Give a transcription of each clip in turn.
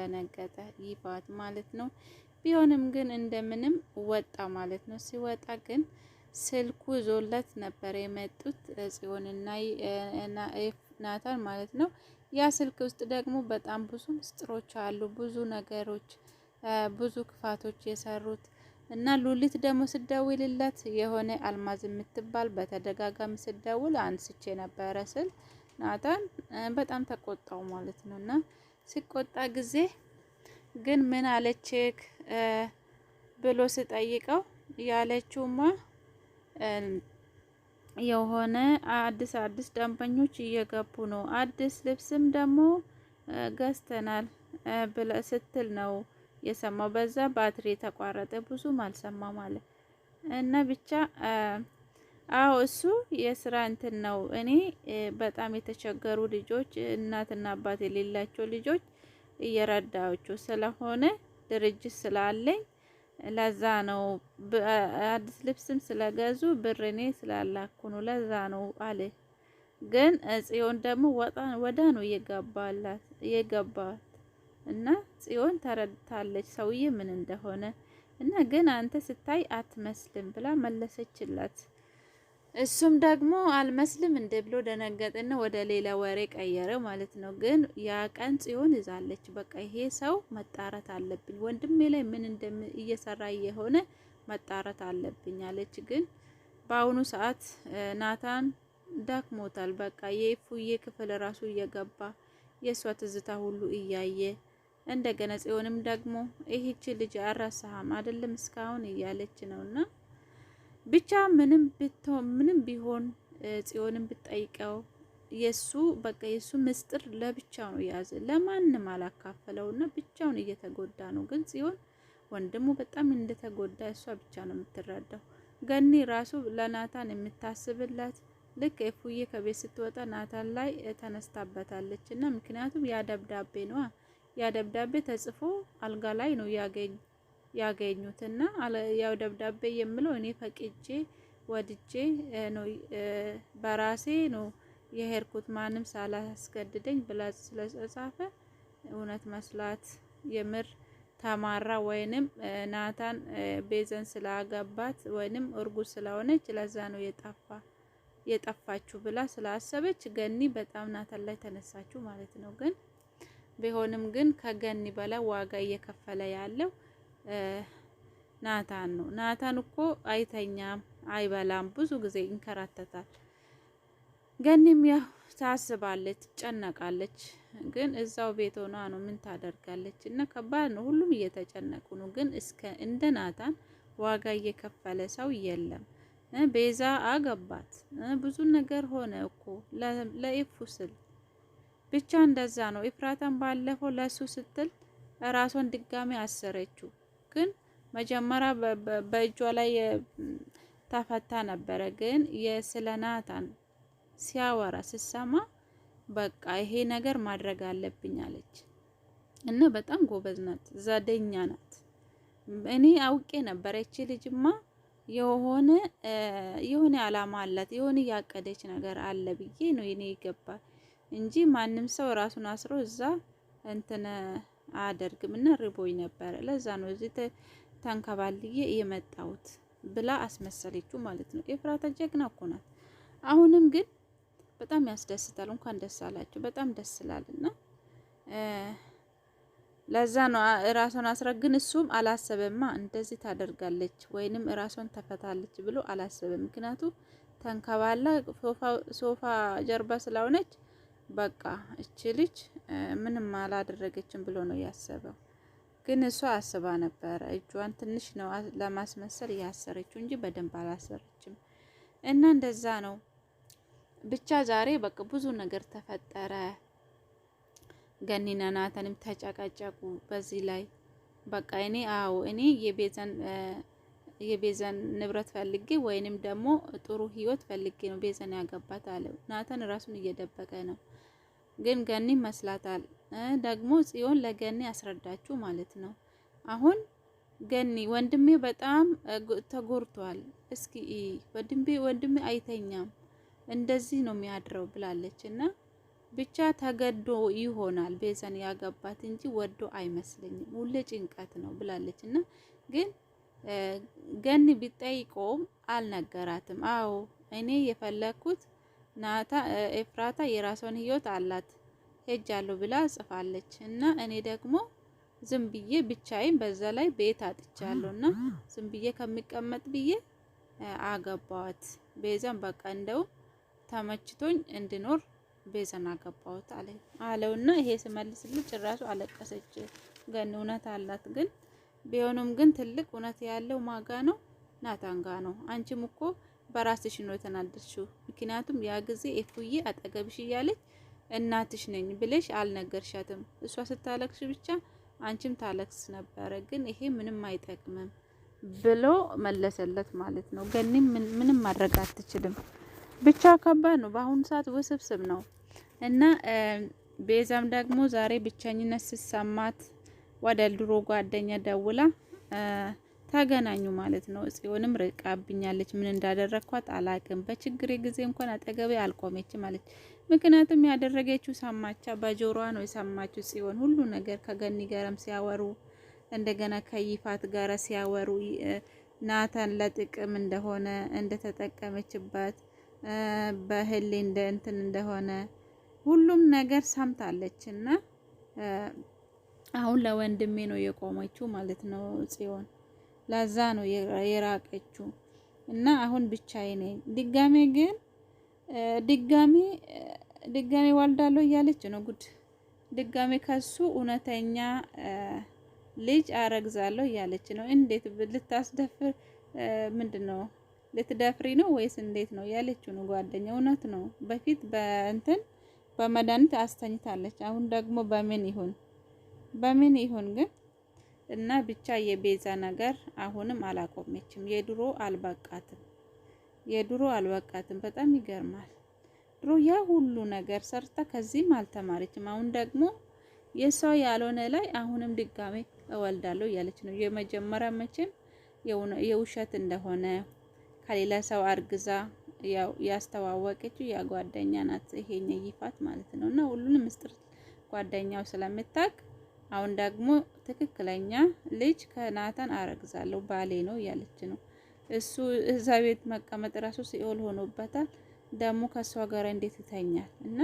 ደነገጠ ይባት ማለት ነው። ቢሆንም ግን እንደምንም ወጣ ማለት ነው። ሲወጣ ግን ስልኩ ዞለት ነበር የመጡት ጽዮንና ናታን ማለት ነው። ያ ስልክ ውስጥ ደግሞ በጣም ብዙ ምስጢሮች አሉ፣ ብዙ ነገሮች፣ ብዙ ክፋቶች የሰሩት እና ሉሊት ደግሞ ስደውልለት የሆነ አልማዝ የምትባል በተደጋጋሚ ስደውል አንስቼ ነበረ ስል ናታን በጣም ተቆጣው ማለት ነው እና ሲቆጣ ጊዜ ግን ምን አለችክ ብሎ ስጠይቀው ያለችውማ የሆነ አዲስ አዲስ ደንበኞች እየገቡ ነው፣ አዲስ ልብስም ደግሞ ገዝተናል ብለ ስትል ነው የሰማው። በዛ ባትሪ ተቋረጠ፣ ብዙም አልሰማም አለ እና ብቻ አዎ እሱ የስራ እንትን ነው። እኔ በጣም የተቸገሩ ልጆች እናትና አባት የሌላቸው ልጆች እየረዳቸው ስለሆነ ድርጅት ስላለኝ ለዛ ነው። አዲስ ልብስም ስለገዙ ብር እኔ ስላላኩ ነው። ለዛ ነው አለ። ግን ጽዮን ደግሞ ወዳ ነው የገባት እና ጽዮን ተረድታለች ሰውዬ ምን እንደሆነ እና ግን አንተ ስታይ አትመስልም ብላ መለሰችላት። እሱም ደግሞ አልመስልም እንደ ብሎ ደነገጠና ወደ ሌላ ወሬ ቀየረ ማለት ነው። ግን ያ ቀን ጽዮን ይዛለች። በቃ ይሄ ሰው መጣራት አለብኝ፣ ወንድሜ ላይ ምን እንደም እየሰራ የሆነ መጣራት አለብኝ አለች። ግን በአሁኑ ሰዓት ናታን ዳክሞታል። በቃ የፉዬ ክፍል ራሱ እየገባ የእሷ ትዝታ ሁሉ እያየ እንደገና ጽዮንም ደግሞ ይህች ልጅ አራሳሃም አይደለም እስካሁን እያለች ነውና ብቻ ምንም ብቶ ምንም ቢሆን ጽዮንን ብትጠይቀው የሱ በቃ የሱ ምስጢር ለብቻው ነው የያዘ ለማንም አላካፈለውና ብቻውን እየተጎዳ ነው። ግን ጽዮን ወንድሙ በጣም እንደተጎዳ እሷ ብቻ ነው የምትረዳው። ገኒ ራሱ ለናታን የምታስብላት ልክ የፉዬ ከቤት ስትወጣ ናታን ላይ ተነስታበታለች እና ምክንያቱም ያ ደብዳቤ ነዋ ያ ደብዳቤ ተጽፎ አልጋ ላይ ነው ያገኝ እና ያው ደብዳቤ የምለው እኔ ፈቅጄ ወድጄ ነው በራሴ ነው የሄድኩት ማንም ሳላስገድደኝ ብላ ስለጻፈ እውነት መስላት የምር ተማራ ወይንም ናታን ቤዘን ስላገባት ወይንም እርጉዝ ስለሆነች ለዛ ነው የጠፋ የጠፋችሁ ብላ ስላሰበች ገኒ በጣም ናታን ላይ ተነሳችሁ ማለት ነው። ግን ቢሆንም ግን ከገኒ በላይ ዋጋ እየከፈለ ያለው ናታን ነው። ናታን እኮ አይተኛም፣ አይበላም፣ ብዙ ጊዜ ይንከራተታል። ገኒም ያው ታስባለች፣ ትጨነቃለች። ግን እዛው ቤት ሆና ነው ምን ታደርጋለች? እና ከባድ ነው። ሁሉም እየተጨነቁ ነው። ግን እስከ እንደ ናታን ዋጋ እየከፈለ ሰው የለም። ቤዛ አገባት፣ ብዙ ነገር ሆነ እኮ ለኢፉ ስል ብቻ እንደዛ ነው። ኢፍራታን ባለፈው ለሱ ስትል ራሷን ድጋሚ አሰረችው። ግን መጀመሪያ በእጇ ላይ ተፈታ ነበረ። ግን የስለ ናታን ሲያወራ ስሰማ በቃ ይሄ ነገር ማድረግ አለብኝ አለች እና በጣም ጎበዝ ናት፣ ዘደኛ ናት። እኔ አውቄ ነበረ እቺ ልጅማ የሆነ የሆነ አላማ አላት፣ የሆነ ያቀደች ነገር አለ ብዬ ነው እኔ ይገባል እንጂ ማንም ሰው ራሱን አስሮ እዛ እንትን አደርግም እና ርቦኝ ነበረ ለዛ ነው እዚህ ተንከባልዬ የመጣሁት ብላ አስመሰለችው ማለት ነው። ኤፍራታ ጀግና እኮ ናት። አሁንም ግን በጣም ያስደስታል። እንኳን ደስ አላችሁ። በጣም ደስ ይላልና ለዛ ነው ራሷን አስረግን። እሱም አላሰበማ እንደዚህ ታደርጋለች ወይንም ራሷን ተፈታለች ብሎ አላሰበም። ምክንያቱ ተንከባላ ሶፋ ጀርባ ስለሆነች። በቃ እቺ ልጅ ምንም አላደረገችም ብሎ ነው ያሰበው። ግን እሷ አስባ ነበረ። እጇን ትንሽ ነው ለማስመሰል ያሰረችው እንጂ በደንብ አላሰረችም። እና እንደዛ ነው ብቻ ዛሬ በቃ ብዙ ነገር ተፈጠረ። ገኒና ናተንም ተጨቃጨቁ። በዚህ ላይ በቃ እኔ አዎ እኔ የቤዘን የቤዘን ንብረት ፈልጌ ወይንም ደግሞ ጥሩ ህይወት ፈልጌ ነው ቤዘን ያገባት አለ ናተን ራሱን እየደበቀ ነው ግን ገኒ ይመስላታል። ደግሞ ጽዮን ለገኒ ያስረዳችሁ ማለት ነው። አሁን ገኒ ወንድሜ በጣም ተጎርቷል እስኪ ወንድሜ ወንድሜ አይተኛም እንደዚህ ነው የሚያድረው ብላለች እና ብቻ ተገዶ ይሆናል ቤዛን ያገባት እንጂ ወዶ አይመስለኝም፣ ሁሌ ጭንቀት ነው ብላለች እና ግን ገኒ ቢጠይቀውም አልነገራትም። አዎ እኔ የፈለግኩት ናታ ኤፍራታ የራሷን ህይወት አላት አለው ብላ ጽፋለች እና እኔ ደግሞ ዝም ብዬ ብቻዬን በዛ ላይ ቤት አጥቻለሁ እና ዝም ብዬ ከሚቀመጥ ብዬ አገባዋት። ቤዛን በቃ እንደው ተመችቶኝ እንድኖር ቤዛን አገባዋት አለ አለውና ይሄ ስመልስልህ ጭራሹ አለቀሰች። ገን እውነት አላት። ግን ቢሆንም ግን ትልቅ እውነት ያለው ማጋ ነው ናታንጋ ነው። አንቺም እኮ በራስሽ ነው የተናደድሽው። ምክንያቱም ያ ጊዜ ኤፉዬ አጠገብሽ እያለች እናትሽ ነኝ ብለሽ አልነገርሻትም። እሷ ስታለቅሽ ብቻ አንቺም ታለቅስ ነበረ። ግን ይሄ ምንም አይጠቅምም ብሎ መለሰለት ማለት ነው። ገኒም ምንም ማድረግ አትችልም። ብቻ ከባድ ነው። በአሁኑ ሰዓት ውስብስብ ነው እና ቤዛም ደግሞ ዛሬ ብቸኝነት ስትሰማት ወደ ድሮ ጓደኛ ደውላ ተገናኙ ማለት ነው። ጽዮንም ርቃብኛለች። ምን እንዳደረግኳት አላቅም። በችግሬ ጊዜ እንኳን አጠገቤ አልቆመችም አለች። ምክንያቱም ያደረገችው ሰማቻ፣ በጆሮዋ ነው የሰማችው። ጽዮን ሁሉ ነገር ከገኒ ጋርም ሲያወሩ እንደገና ከይፋት ጋር ሲያወሩ ናታን ለጥቅም እንደሆነ እንደተጠቀመችበት በህሌ እንደ እንትን እንደሆነ ሁሉም ነገር ሰምታለች እና አሁን ለወንድሜ ነው የቆመችው ማለት ነው ጽዮን ለዛ ነው የራቀችው እና አሁን ብቻዬ ነኝ። ድጋሜ ግን ድጋሜ ድጋሜ ዋልዳለሁ እያለች ነው ጉድ። ድጋሜ ከሱ እውነተኛ ልጅ አረግዛለሁ እያለች ነው። እንዴት ልታስደፍር ምንድን ነው ልትደፍሪ ነው ወይስ እንዴት ነው ያለችው ነው ጓደኛ። እውነት ነው። በፊት በእንትን በመድኃኒት አስተኝታለች። አሁን ደግሞ በምን ይሁን በምን ይሁን ግን እና ብቻ የቤዛ ነገር አሁንም አላቆመችም። የድሮ አልበቃትም፣ የድሮ አልበቃትም። በጣም ይገርማል። ድሮ ያ ሁሉ ነገር ሰርታ ከዚህም አልተማረችም። አሁን ደግሞ የሰው ያልሆነ ላይ አሁንም ድጋሜ እወልዳለሁ እያለች ነው። የመጀመሪያ መቼም የውሸት እንደሆነ ከሌላ ሰው አርግዛ ያስተዋወቀችው ያ ጓደኛ ናት፣ ይሄኛ ይፋት ማለት ነው እና ሁሉንም ምስጢር ጓደኛው ስለምታቅ አሁን ደግሞ ትክክለኛ ልጅ ከናታን አረግዛለሁ ባሌ ነው እያለች ነው። እሱ እዛ ቤት መቀመጥ ራሱ ሲኦል ሆኖበታል። ደግሞ ከእሷ ጋር እንዴት ይተኛል? እና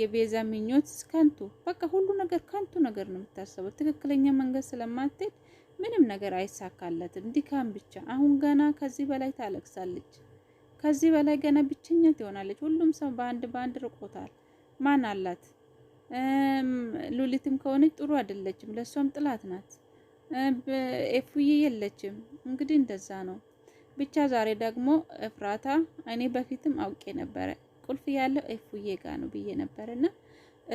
የቤዛ ምኞት ከንቱ፣ በቃ ሁሉ ነገር ከንቱ ነገር ነው የምታስበው። ትክክለኛ መንገድ ስለማትሄድ ምንም ነገር አይሳካለትም፣ ድካም ብቻ። አሁን ገና ከዚህ በላይ ታለቅሳለች፣ ከዚህ በላይ ገና ብቸኛ ትሆናለች። ሁሉም ሰው በአንድ በአንድ ርቆታል። ማን አላት? ሉሊትም ከሆነች ጥሩ አይደለችም፣ ለእሷም ጥላት ናት። ኤፉዬ የለችም። እንግዲህ እንደዛ ነው። ብቻ ዛሬ ደግሞ እፍራታ እኔ በፊትም አውቄ ነበረ ቁልፍ ያለው ኤፉዬ ጋ ነው ብዬ ነበር እና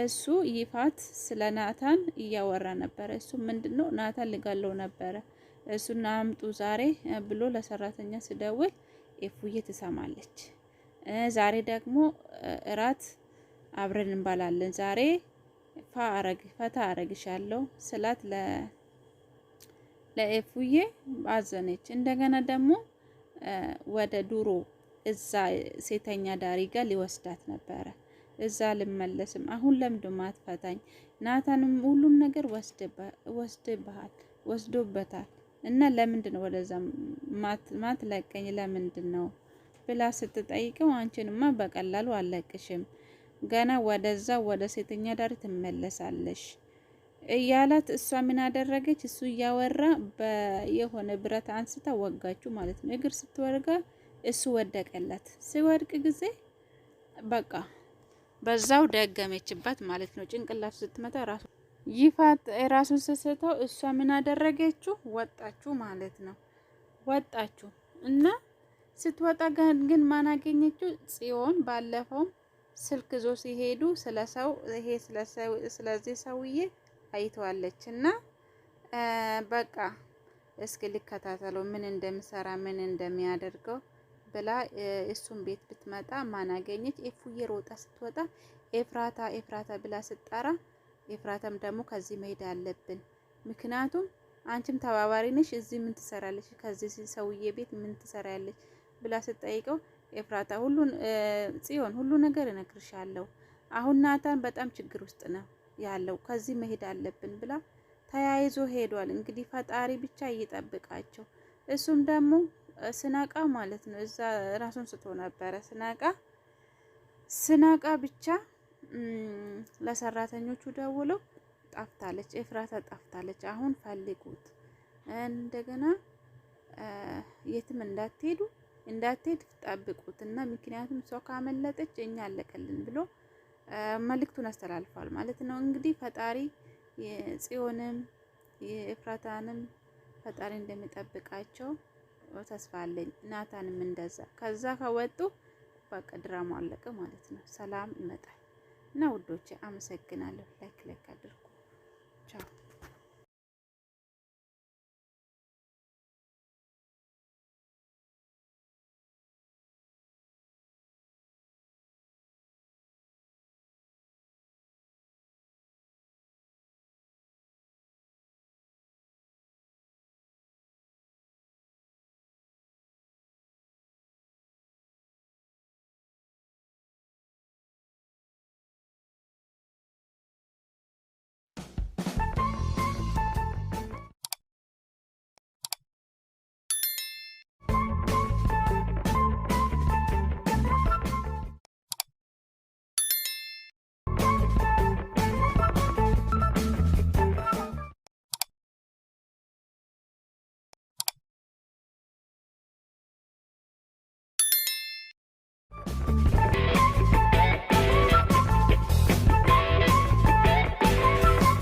እሱ ይፋት ስለ ናታን እያወራ ነበረ። እሱ ምንድን ነው ናታን ልጋለው ነበረ እሱና አምጡ ዛሬ ብሎ ለሰራተኛ ስደውል ኤፉዬ ትሰማለች። ዛሬ ደግሞ እራት አብረን እንባላለን። ዛሬ ፋ አረግ ፈታ አረግሻለሁ ስላት ለኤፉዬ አዘነች። እንደገና ደግሞ ወደ ዱሮ እዛ ሴተኛ ዳሪ ጋር ሊወስዳት ነበረ። እዛ ልመለስም አሁን ለምንድን ማትፈታኝ ናታንም ሁሉም ነገር ወስድብሃል ወስዶበታል እና ለምንድን ነው ወደዛ ማትለቀኝ ለምንድን ነው ብላ ስትጠይቀው አንቺንማ በቀላሉ አለቅሽም ገና ወደዛ ወደ ሴተኛ ዳር ትመለሳለሽ እያላት እሷ ምን አደረገች? እሱ እያወራ የሆነ ብረት አንስታ ወጋችሁ ማለት ነው። እግር ስትወርጋ እሱ ወደቀላት። ሲወድቅ ጊዜ በቃ በዛው ደገመችባት ማለት ነው። ጭንቅላት ስትመታ ራሱ ይፋት ራሱን ስስተው እሷ ምን አደረገችው? ወጣችሁ ማለት ነው። ወጣችሁ እና ስትወጣ ግን ማን አገኘችው? ጽዮን ባለፈውም ስልክ ይዞ ሲሄዱ ስለ ሰው ይሄ ስለዚህ ሰውዬ አይተዋለች እና በቃ እስኪ ልከታተለው ምን እንደሚሰራ ምን እንደሚያደርገው ብላ እሱን ቤት ብትመጣ ማን አገኘች? ኤፉዬ ሮጣ ስትወጣ ኤፍራታ ኤፍራታ ብላ ስትጠራ፣ ኤፍራታም ደግሞ ከዚህ መሄድ አለብን፣ ምክንያቱም አንቺም ተባባሪ ነሽ፣ እዚህ ምን ትሰራለች? ከዚህ ሰውዬ ቤት ምን ትሰራለች? ብላ ስትጠይቀው ኤፍራታ ሁሉን ጽዮን ሁሉ ነገር እነግርሻለሁ። አሁን ናታን በጣም ችግር ውስጥ ነው ያለው፣ ከዚህ መሄድ አለብን ብላ ተያይዞ ሄዷል። እንግዲህ ፈጣሪ ብቻ እየጠብቃቸው እሱም ደግሞ ስናቃ ማለት ነው እዛ ራሱን ስቶ ነበረ። ስናቃ ስናቃ ብቻ ለሰራተኞቹ ደውለው ጠፍታለች፣ ኤፍራታ ጠፍታለች፣ አሁን ፈልጉት፣ እንደገና የትም እንዳትሄዱ እንዳትሄድ ጠብቁት እና ምክንያቱም ሰው ካመለጠች እኛ አለቀልን ብሎ መልእክቱን አስተላልፏል ማለት ነው። እንግዲህ ፈጣሪ ጽዮንም የኤፍራታንም ፈጣሪ እንደሚጠብቃቸው ተስፋ አለኝ። ናታንም እንደዛ ከዛ ከወጡ በቃ ድራማ አለቀ ማለት ነው። ሰላም ይመጣል እና ውዶቼ አመሰግናለሁ። ላይክ ላይክ አድርጉ። ቻው